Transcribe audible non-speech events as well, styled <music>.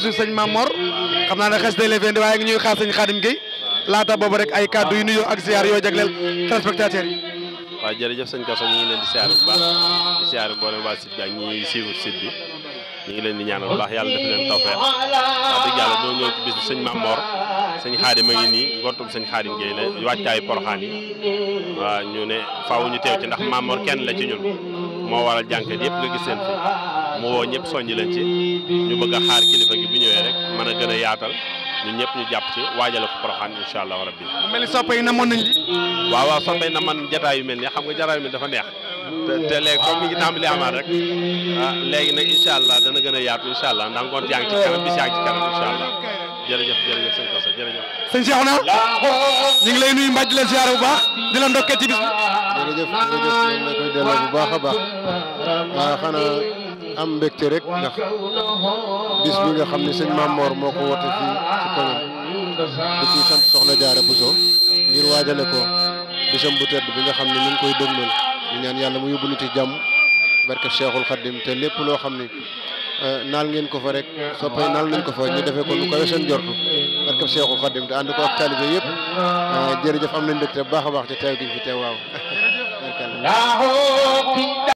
bisu sëñ Mamor xam naa ne xes day lefen di waaye ngi ñuy xaar sëñ Xaadim Gueye laata boobu rek ay kàddu yu nuyoo ak ziar yoo jagleel téléspectateurs yi waaw jërëjëf ngi leen di siyaar di siyaar mboolem waa site bi ak ñi siiwut site bi ñu ngi leen yàlla def leen tawfeex yàlla ñoo ñëw bis bi sëñ Mamor sëñ Xaadim a ngi nii ngottum sëñ Xaadim Gueye la wàccaayu poroxaan yi waaw ñu ne faaw ñu teew ci ndax Mamor kenn la ci ñun moo waral jànkat yëpp nga gis seen fi mu woo ñëpp soññ leen ci ñu bëgg a xaar kilifa a gën a yaatal ñun ñëpp ñu jàpp ci waajale ko Porokhane incha allahu rabbi. mu mel ni soppe yi namoon nañ li. waaw waaw soppe yi namoon jotaay yu mel nii xam nga jotaay yu mel dafa neex. te te ah, nag incha allah dana gën a yaatu incha allah ndax ngoon yaa ngi kanam bis ci kanam incha allah jërëjëf jërëjëf sëñ Kosa jërëjëf. sëñ Cheikh na ngi lay nuyu mbaj la ziar bu baax di la ndokkee ci bis bi. jërëjëf jërëjëf ñu ngi koy delloo bu baax a ah, am mbégte rek ndax bis bi nga xam ne sëñ Maam moo ko woote fii ci koñam di ci sant soxna Jaara Buso ngir waajale ko bisam bu tedd bi nga xam ne ñu ngi koy dëgmal ñu ñaan yàlla mu yóbbu ñu ci jàmm barke Cheikhul Khadim te lépp loo xam ne eh, naal ngeen ko fa rek soppay naal nañ ko fa ñu defee ko lu kawe seen jortu barke Cheikhul Khadim te ànd ko ak taalibe yëpp eh, jërëjëf am nañ mbégte bu baax a baax ci teew fi teew waaw <laughs>